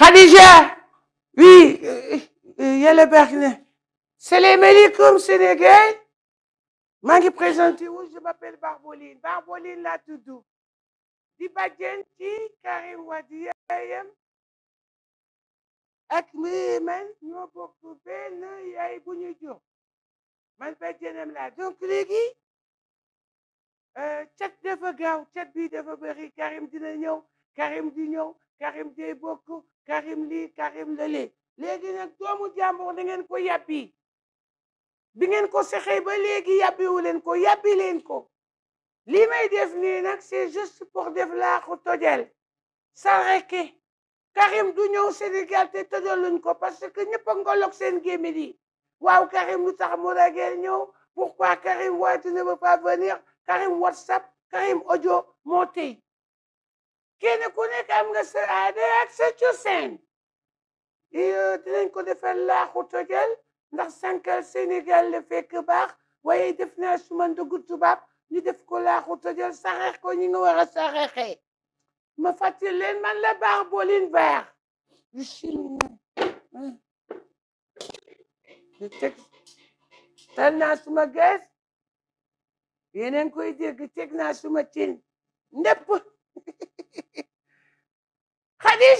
wi oui, euh, euh, yàlla baax na salaamaaleykum Sénégal maa ngi présenté wu je m'appelle Barboline Barboline laa tudd di bàjjen ci Karim Wade yaayam ak mi man ñoo bokk benn yaay bu ñu jur man bàjjenam laa donc léegi euh, cat dafa gaaw cat bi dafa bëri Karim dina ñëw Karim di ñëw Karim day bokk Karim lii Karim la lee léegi nag doomu jàmbur da ngeen ko yàbbi bi ngeen ko sexee ba léegi yàbbiwu leen ko yàbbi leen ko lii may def nii nag c'est juste pour def laaxu tojal sareke Karim du ñëw Sénégal te tojaluñ ko parce que ñëpp a ngolog seen gémmiñ yi waaw Karim lu tax mu ragal ñëw pourquoi Karim Wade ne veut pas venir Karim WhatsApp Karim audio moo kenn ku nekk am nga sa aada ak sa cosaan dinañ ko defal laaxu tojal ndax sankal Sénégal la fekk baax waaye def naa suma ndugu tubaab ñu def ko laaxu tojal saxeex ko ñi nga war a saxeexee ma fàttali leen man la baax boo leen baax hm. tal naa suma gees yeneen koy dégg teg naa suma cin ndépp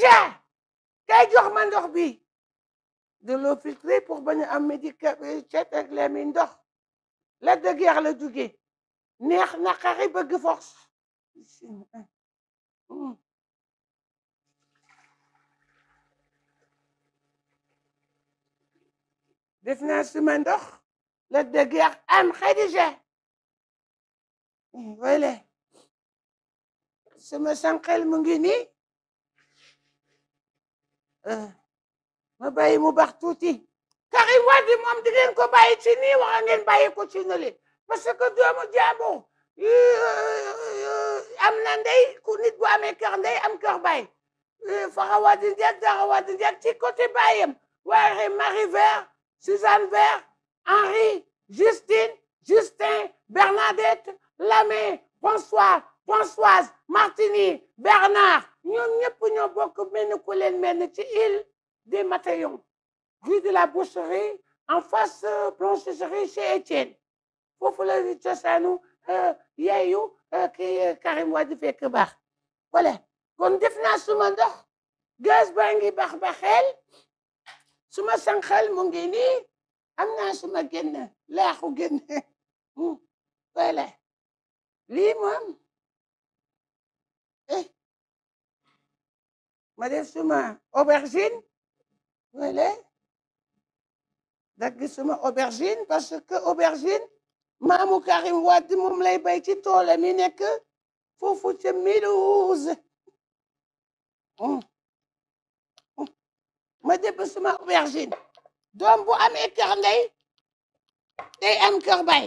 déjà kay jox ma ndox bi de l'eau filtrée pour bañ a am médicament cet ak la la dëgg la jóge neex naqari bëgg force def naa suma ndox la dëgg yàlla am Xadija voilà suma sànqel mu ngi nii Eh. ma bàyyi mu baax tuuti Karim Wade moom di ko bàyyi ci nii wala ngeen bàyyi ko ci nële parce que doomu jaamu am na ku nit bu amee kër ndey am kër baay eh, farawa di darawa di njëkk ci côté baayam waaye Marie Vert Suzanne Vert Henri Justine Justin Bernadette Lamé François Françoise Martini Bernard ñoom ñëpp ñoo bokk mel ni ku leen mel ni ci île des Matayons rue de la Bourserie en face euh, blanchisserie chez Étienne foofu la cosaanu euh, yaayu euh, kii Karim Wade fekk baax voilà kon def naa suma ndox gaz baa ngi baax baaxeel suma sànqal mu ngi am naa suma génn laaxu génn hmm. voilà lii moom eh ma def suma aubergine wala dagg suma aubergine parce que aubergine maamu Karim Wade moom lay bay ci toolam mi nekk foofu ca Mulhouse ma dëpp suma aubergine doom bu amee kër ndey day am kër bay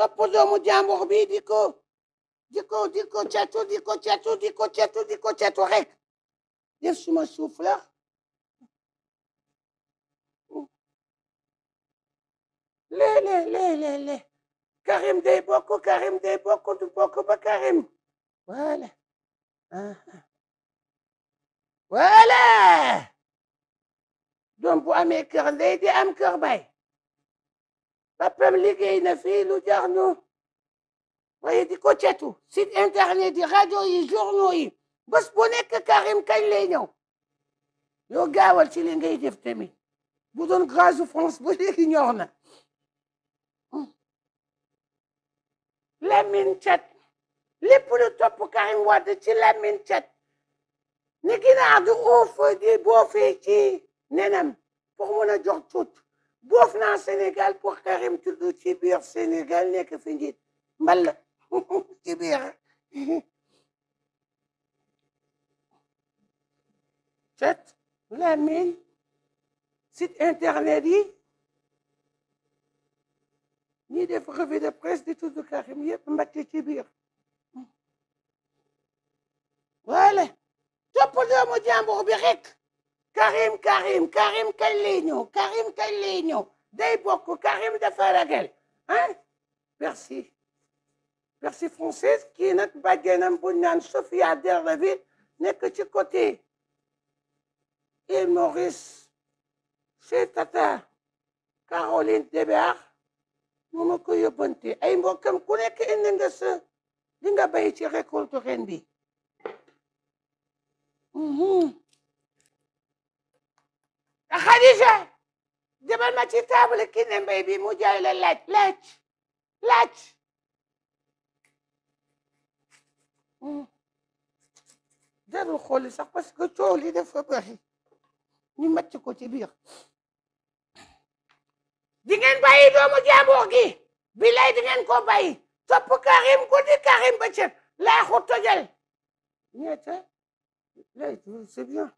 topp doomu jàmbur bi di di ko di ko ceetu di ko ceetu di rek def suma souffleur léelé Karim day bokk Karim day bokk du bokk ba Karim voilà voilà doom bu amee kër ndey di am kër bay papam liggéey na fii lu jar waaye di ko cetu site internet yi rajo yi journaux yi bu nekk Karim kañ lay ñëw yow gaawal ci li ngay def tamit bu doon grâce France ba léegi ñor na hmm. Lamine Thiat lépp lu Karim Wade ci Lamine Thiat ni ginaar du uuf di boofee ci nenam pour mën a jox boof naa Sénégal pour Karim tudd ci biir Sénégal nekk fi njiit mbal ci biir cet làmmiñ site internet yi ñi def revue de presse di tudd Karim yëpp mbàcce ci biir wala topp doomu jàmbur bi rek Karim Karim Karim kañ lay ñëw Karim kañ lay ñëw day bokk Karim dafa ragal ah merci bercy française kii nag bàjjenam bu naan Sophia Derleville nekk ci côté île Maurice chez Tata Caroline Débert moo ma ko yóbbante ay mbokkam ku nekk nga sa li nga ci récolte ren bi mhm. ah, ci table ki mbay bi mu jaay la laaj laaj laaj jarul xooli sax parce que coow li dafa bari ñu ko ci biir di ngeen bàyyi doomu jàmbur gi bilay di ko bàyyi topp Karim ko di Karim ba cër laa ko tojal ñeete lay c'est bien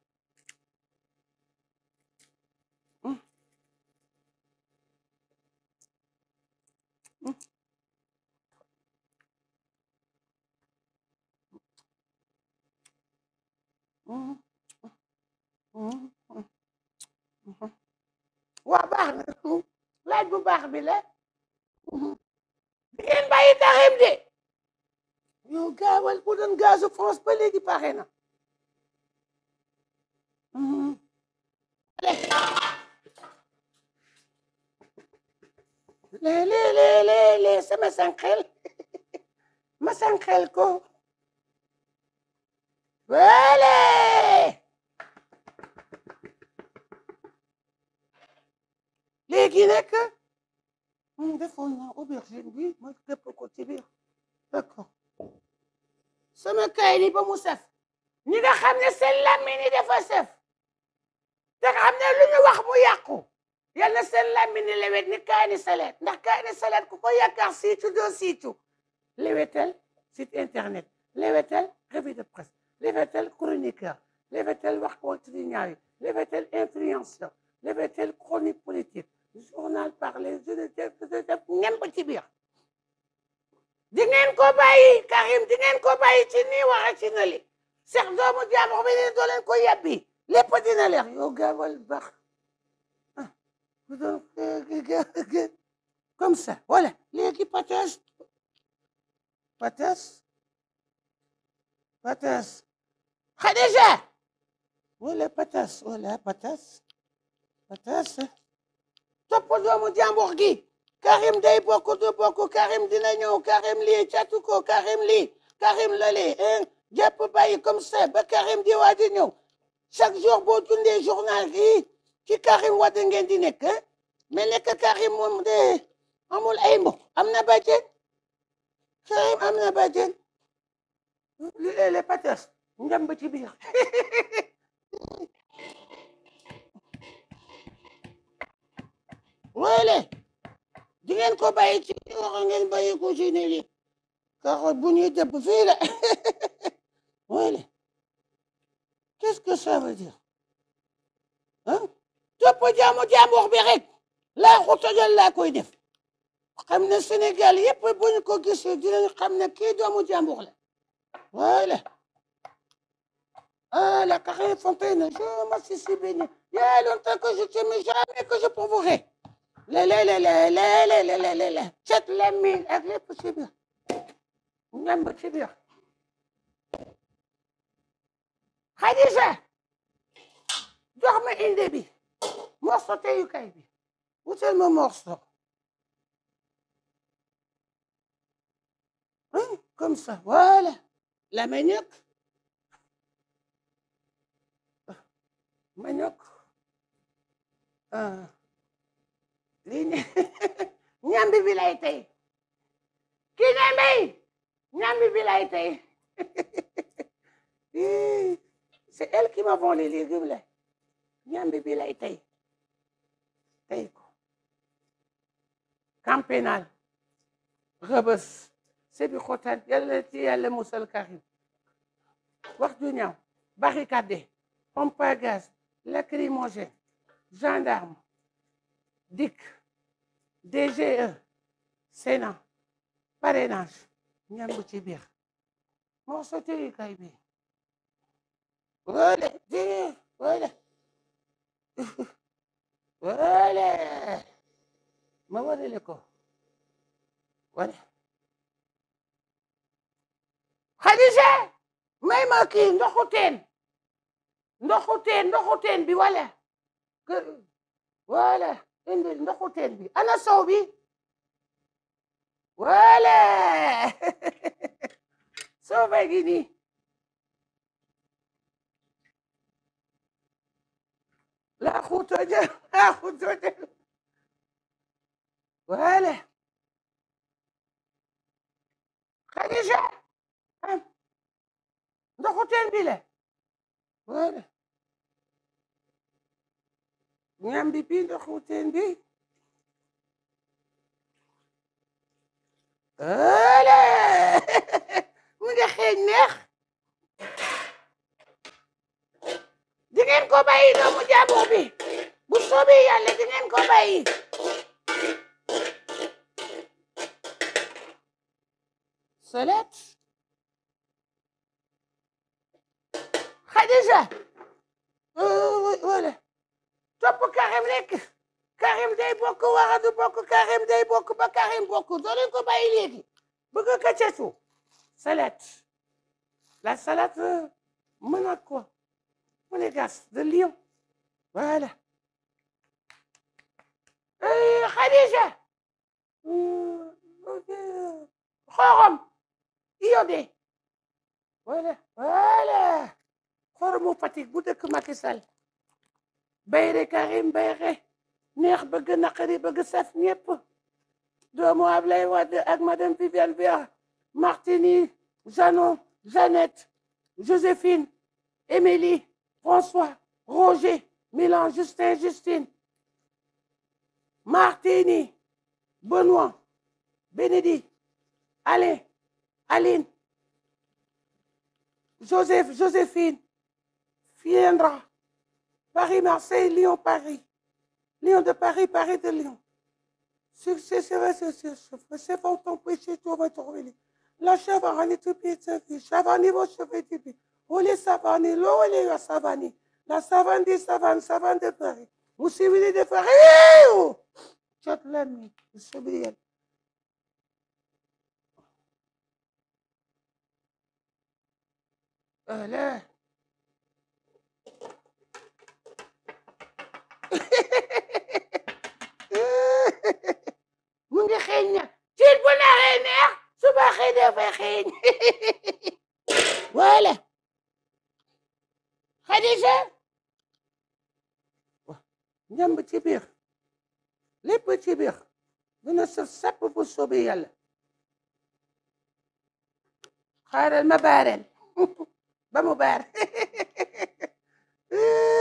waa baax na laaj bu baax bi la di ngeen bàyyi taxem de yow gaawal bu doon gazu France ba léegi paaxe na lé lé lé lé sama sànqel ma sànqel ko Really? léegi nag moom defoon naa aubergine bi ma dëpp ko ci biir d'accord sama kay li ba mu sef ñi nga xam ne seen làmmiñ yi dafa sef te nga xam ne lu ñu wax mu yàqu yal na seen làmmiñ yi lewet ni kaani salet ndax kaani salet ku ko yaakaar siitu doo siitu lewetel site internet lewetel revue de presse levatel chroniqueur levatel waxtu wal triniat influenceur levatel chronique politique journal par les jeunes def ngeen ko ci biir di ngeen ko bàyyi Karim di ngeen ko bàyyi ci nii waxa ci nali seex doomu jaamox bi nii doo leen ko yebbi lépp dina leer yow gaawal baax ah, comme ça voilà léegi patas patas patas Khadija wala patas wala patas patas topp doomu jàmbur gi Karim day bokk du bokk Karim dina ñëw Karim lii catu ko Karim lii Karim loolee jàpp comme ça ba Karim di chaque jour boo dundee journal gi ci Karim Wade ngeen di nekk mais amul ay am na bàjjen Karim am na bàjjen lu lee patas njam ba ci biir wóole ngeen ko bàyyi ci loxo ngeen bàyyi ko ci ne li kaxot bu ñuy dëpp fii qu'est-ce que ça veut dire ah topp jaamu jaamu wax bi rek laa xutagal koy def xam ne senegal yëpp buñ ko gisee dinañ xam ne kii doomu jaamu la wóole Ah, la carrière fontaine, je me suis si béni. Il y a longtemps que je t'aime, jamais que je pourvoirai. Le, le, le, le, le, le, le, le, Cette lamine, elle est possible. Même possible. Khadija, dorme indi bi. Morso te yukay bi. Wutel ma morso. Hein? Comme ça, voilà. La manioc. manioc ah. lii ñambi bi lay tey kii ne mbay ñambi bi lay tey c'est elle qui m'a volé les légumes là ñambi bi lay tey tey ko camp pénal Rebeuss sébi xotaan yàlla ci yàlla musal Karim wax ju ñaaw barricade lacrymogène gendarme DIC DGE Sénat parrainage ñambu ci biir moo kay bi wole di wole wole ma warale ko wole Khadija may ma kii ndoxu teen bi wala kër wala indil ndoxu bi ana sow bi wala sow la xutoje la xutoje wala Khadija ndoxu teen bi ñambi bi ndoxu teen bi ole mu ngi xeeñ neex di ngeen ko bàyyi doomu jaabu bi bu soobee yàlla di ngeen ko bàyyi solet Khadija wala topp Karim rek Karim day bokk wara du bokk Karim day bokk ba Karim bokk doo leen ko bëgg ka cetu salade la salade mën a quoi monégasque de Lyon voilà Khadija xorom iodé voilà voilà bayre karim bayre neex bëgg naqari bëgg saf ñépp doomu Ablaye Wade ak madame Viviane Wade Martini Jeannot Jeannette Joséphine Émilie François Roger Milan Justin Justine Martini Benoît Bénédicte Alain Aline Joseph Joséphine Paris-Marseille, Lyon-Paris. Lyon de Paris, Paris de Lyon. Successivement, péché, tout va trouver. La chavane, tout petit, chavane, vos cheveux, tout petit. Olé savane, l'olé la savane. La savane des savanes, savane Paris. Vous suivez de Paris, Tchot l'ami, vous suivez. Allez. mu ngi xeeñ na siit bu naree neex suba xëy dafa xeeñ voilà Xadija ñam ci biir lépp ci biir dina saf sapp bu sobi yàlla xaaral ma baareel ba mu baar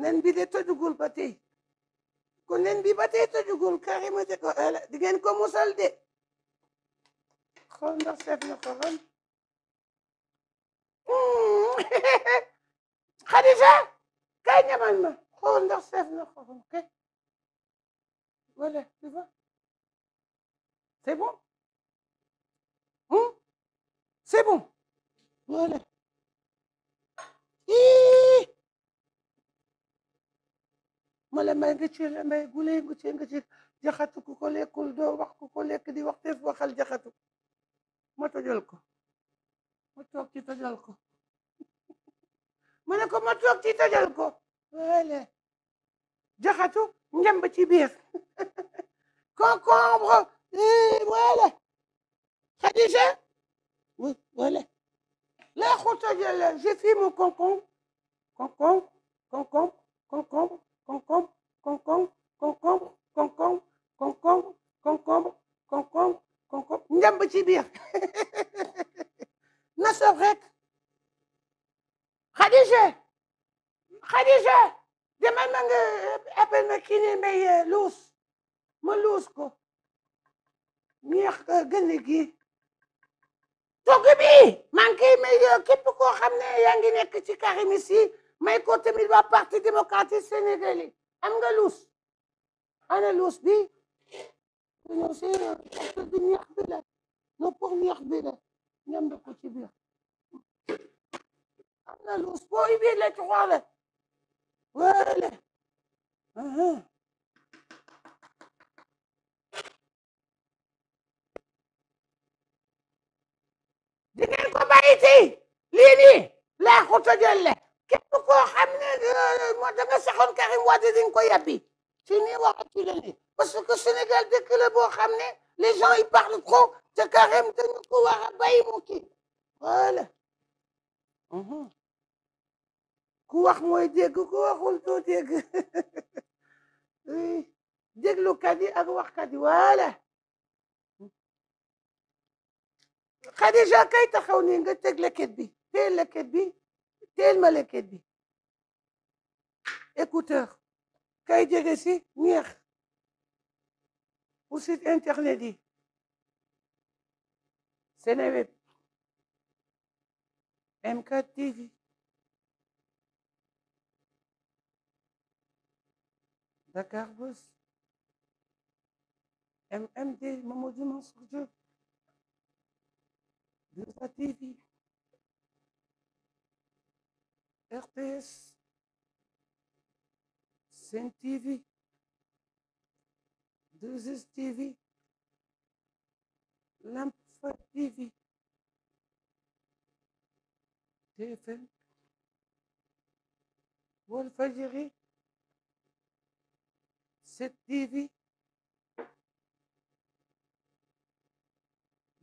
nen bi de tojugul ba tey ko nen bi ba tey tojugul Karima de ko eh, di ngeen ko musal de xool ndax seet na ko xool hmm. Khadija kay ñamal ma xool ndax seet na ko xool kay voilà tu vois c'est bon hum c'est bon voilà ii ma la may nga ci la may gulee ci jaxatu ku ko lekkul doo wax ku ko lekk di wax teef jaxatu ma tojal ko ma toog ci ma ne ko ma jaxatu njamb ci biir concombre eh, wala xadija oui wala laa ko tojal j'ai fait mon concombre, concombre, concombre, concombre, concombre, concombre, concombre, concombre njàmb ci biir na soof rek Khadija Khadija demal ma nga appel ma kii luus ma luus ko ñeex gën gi togg bi maa ngi koy may xam ne yaa ngi nekk ci Karimisi may ko tamit waa parti démocratique sénégalais am nga luus ana luus bi ñoo seen du ñax bi la no pour ñax bi la ñam da ko ci biir am na luus boo ubbee la ci xoole wala di ngeen ko bàyyi tey lii nii laa xuta jëlle képp koo xam ne euh, moo da nga Karim Wade dañ ko yàbbi su ñuy waxatu la parce que Sénégal dëkk la boo xam ne les gens ils parlent trop te Karim ko war a bàyyi mu kii voilà mhm. ku wax mooy dégg ku waxul doo dégg déglukat yi ak waxkat yi voilà Khadija kay taxaw nii nga teg leket bi tey bi teel ma lekket bi écouteur kay jege si neex pour site internet yi Seneweb M4 TV Dakar Buzz MMD Mamadou Mansour Diop 2A TV RTS Sen TV 2STV Lamp Fall TV TFM Walfadjri 7TV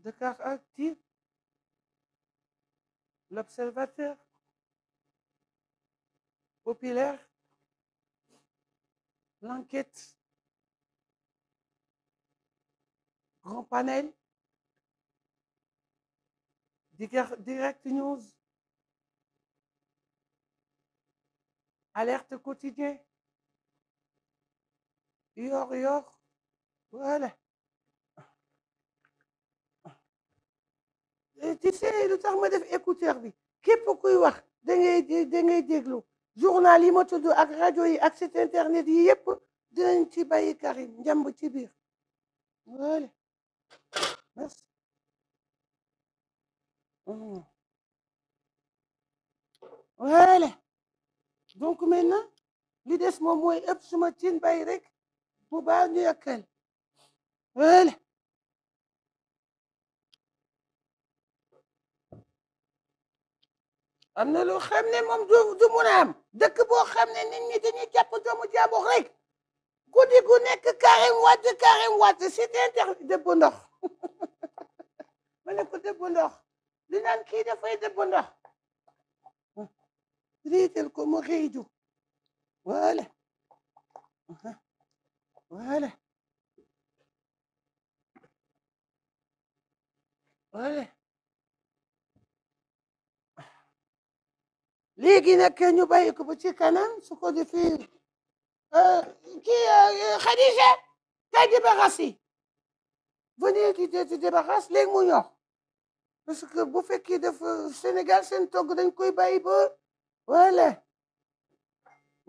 Dakaractu L'Observateur populaire, l'enquête, grand panel, direct news, alerte quotidien, yor yor, voilà. Et tu sais lu tax ma def écouteur bi képp kuy wax journal yi ma tudd ak rajo yi ak site internet yi yëpp dinañ ci bàyyi Karim njàmb ci biir voilà merci hmm. voilà donc maintenant li des moom mooy ëpp suma cin bay rek bu baax ñu yàkkal voilà am na loo xam ne moom du du mun a am dëkk boo xam ma ne ko dëbb ndox li naan kii dafay dëbb ndox riital ko mu riidu voilà voilà voilà léegi nag ñu bàyyi ko ba ci kanam su ko defee euh, kii euh, Khadija kay débarrasser venir di di débarrasse léegi mu ñor parce que bu fekkee dafa Sénégal seen togg dañ koy bàyyi ba voilà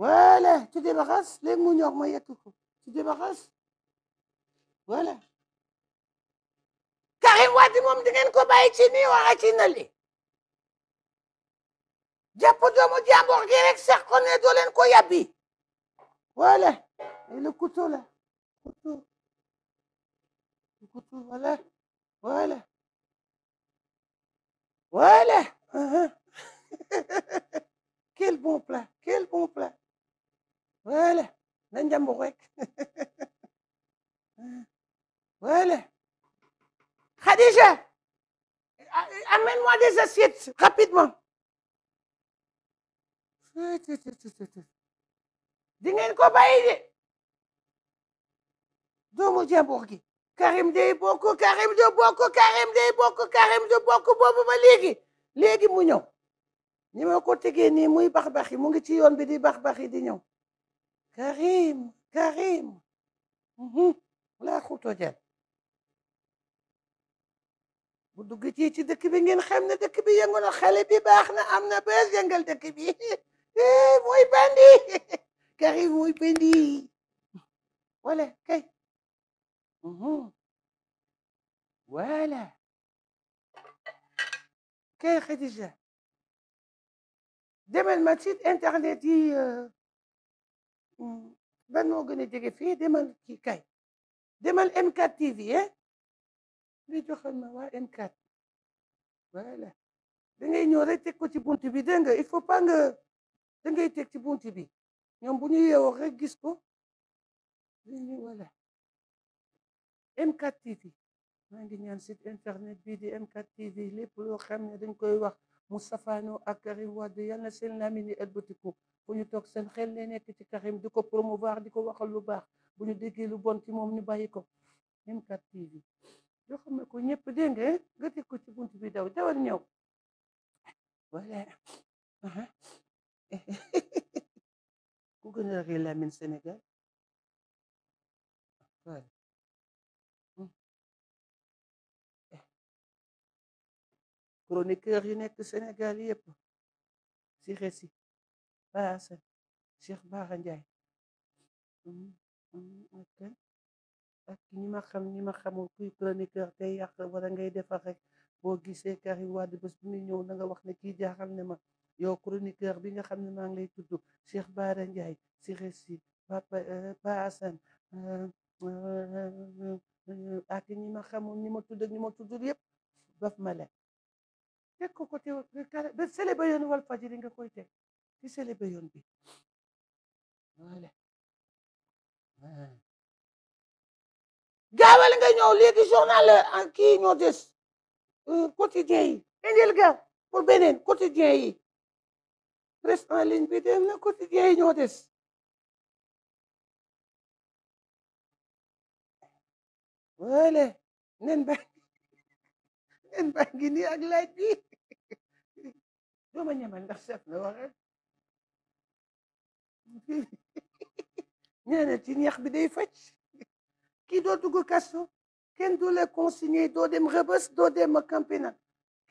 voilà tu débarrasses léegi mu ñor ma yekk ko tu débarrasses voilà Karim Wade moom di ngeen ko bàyyi ci nii wala ci nali jàpp doomu jàmbur gi rek sax ko ne doo leen ko yàbbi wala le couteau la couteau couteau wala wala wala quel bon plat quel bon plat wala na njàmbur rek wala Khadija amène-moi des assiettes rapidement di ngeen ko bàyyi de doomu jàmbur gi Karim day bokk Karim du bokk Karim day bokk Karim du bokk boobu ba léegi léegi mu ñëw ni ma ko tegee nii muy bax-baxi mu ngi ci yoon bi di bax-baxi di ñëw Karim Karim mhm. laa xuto jël bu dugg ci ci dëkk bi ngeen xam ne dëkk bi yëngu na xale bi baax na am na bés yëngal dëkk bi eh mooy bandi Karim mooy bandi voilà kay voilà kay Khadija demal ma site internet yi ban moo gën jege fii demal kii kay demal M4 TV eh li joxal ma waa M4 voilà da ngay ñëw rek teg ko ci buntu bi dégg nga da ngay teg ci bunt bi ñoom bu ñu yeewoo rek gis ko lii wala TV maa ngi ñaan sit internet bii di M4 TV lépp loo xam ne dañ koy wax mu safaanoo ak Karim Wade yal na seen lamini ëlbatiku fu ñu toog seen xel ne nekk ci Karim di ko promouvoir di ko waxal lu baax bu ñu déggee lu bon ci moom ñu bàyyi ko M4 TV yoo xam ne ko ñëpp dégg nga nga teg ko ci bunt bi daw dawal ñëw voilà ku gën a rëy làmmiñ Sénégal voilà chroniqueur yi nekk Sénégal yépp sixesi xesi baasa Cheikh Bara Ndiaye ak ak ñi ma xam ñi ma xamul kuy chroniqueur tey yàq wala ngay defar rek boo gisee Karim Wade bés bu muy ñëw na nga wax ne kii ne ma yow chroniqueur bi nga xam ne maa ngi lay tudd Cheikh Bara Ndiaye Siré Sy Papa euh, euh, euh, ak ñi ma xamul ñi ma tudd ak ñi ma tuddul yëpp ko ko teew ba sele wal fajiri nga koy teg ci sele ba bi wala gaawal nga ñëw léegi journal kii ñoo des quotidien yi indil ga pour beneen quotidien yi presse en ligne bi dem na quotidien yi ñoo des nen ba nen ba ngi nii ak bi doo ma ñamal ndax chef na waxe ñaanal ci ñax bi day faj kii doo dugg kaso kenn du la consigné doo dem rëbës doo dem campina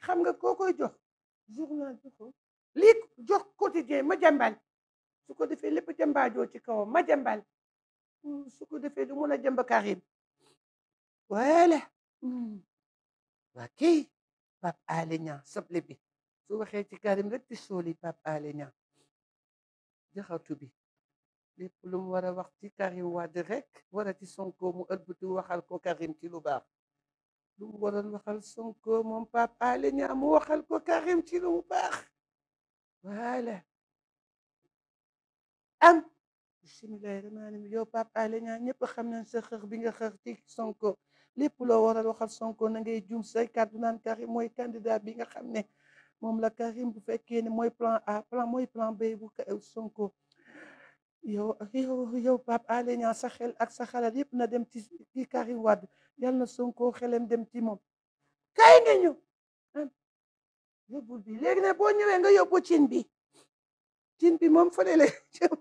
xam nga koo koy jox journal bi ko lii jox quotidien ma jambal su ko defee lépp jëmbaajoo ci kawam ma jambal mm, su defee du mun a jëmb Karim wala mm. waa kii Pape Alé Niang bi su waxee ci Karim rek di sooli Pape Alé Niang jaxatu bi lépp lu mu war a wax ci Karim Wade rek war a ci ko Karim ci lu baax waxal ko Karim ci lu baax voilà am bisimilahi rahmaani yow Pape Alé Niang ñëpp xam nañ sa xeex bi nga xeex Sonko lépp loo waral a waxal Sonko na ngay juum say kàddu naan Karim mooy candidat bi nga xam ne moom la Karim bu fekkee ne mooy plan A plan mooy plan B Sonko yow yow yow Pape Alé sa xel ak sa xalaat yëpp na dem ci ci Karim Wade yàlla na Sonko xelam dem ci moom kay nga yóbbul bi léegi nag boo nga yóbbu cin bi cin bi moom fële la jëm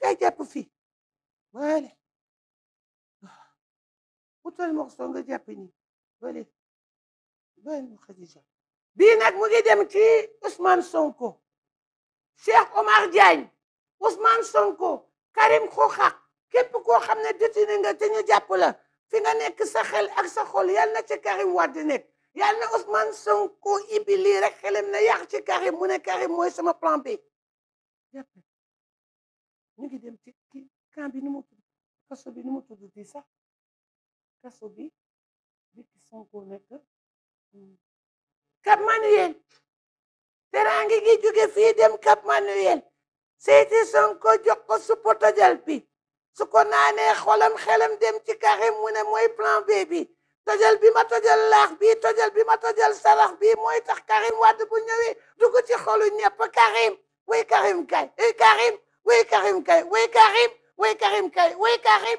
kay jàpp fi wala utal mox soo nga jàpp ni wala bal mu Xadija bii nag mu ngi dem ci Ousmane Sonko Cheikh Omar Diagne Ousmane Sonko Karim Xooxaq képp koo xam ne détenu nga te ñu jàpp la fi nga nekk sa xel ak sa xol yal na ci Karim Wade nekk yal na Ousmane Sonko ibi lii rek xelam na yàq ci Karim mu ne Karim mooy sama plan B jàppe ñu ngi dem ci kii camp bi nu mu tudd kaso bi nu mu tudd nekk hmm. Cap Manuel teraangi gi jóge fii dem Cap Manuel seeti Sonko jox ko supportajal bi su ko naanee xolam xelam dem ci Karim mu ne mooy plan B bi tojal bi ma tojal laax bi tojal bi ma tojal sarax bi mooy tax Karim Wade bu ñëwee dugg ci xolu ñëpp Karim way Karim kay way eh Karim way Karim kay way Karim way Karim kay way Karim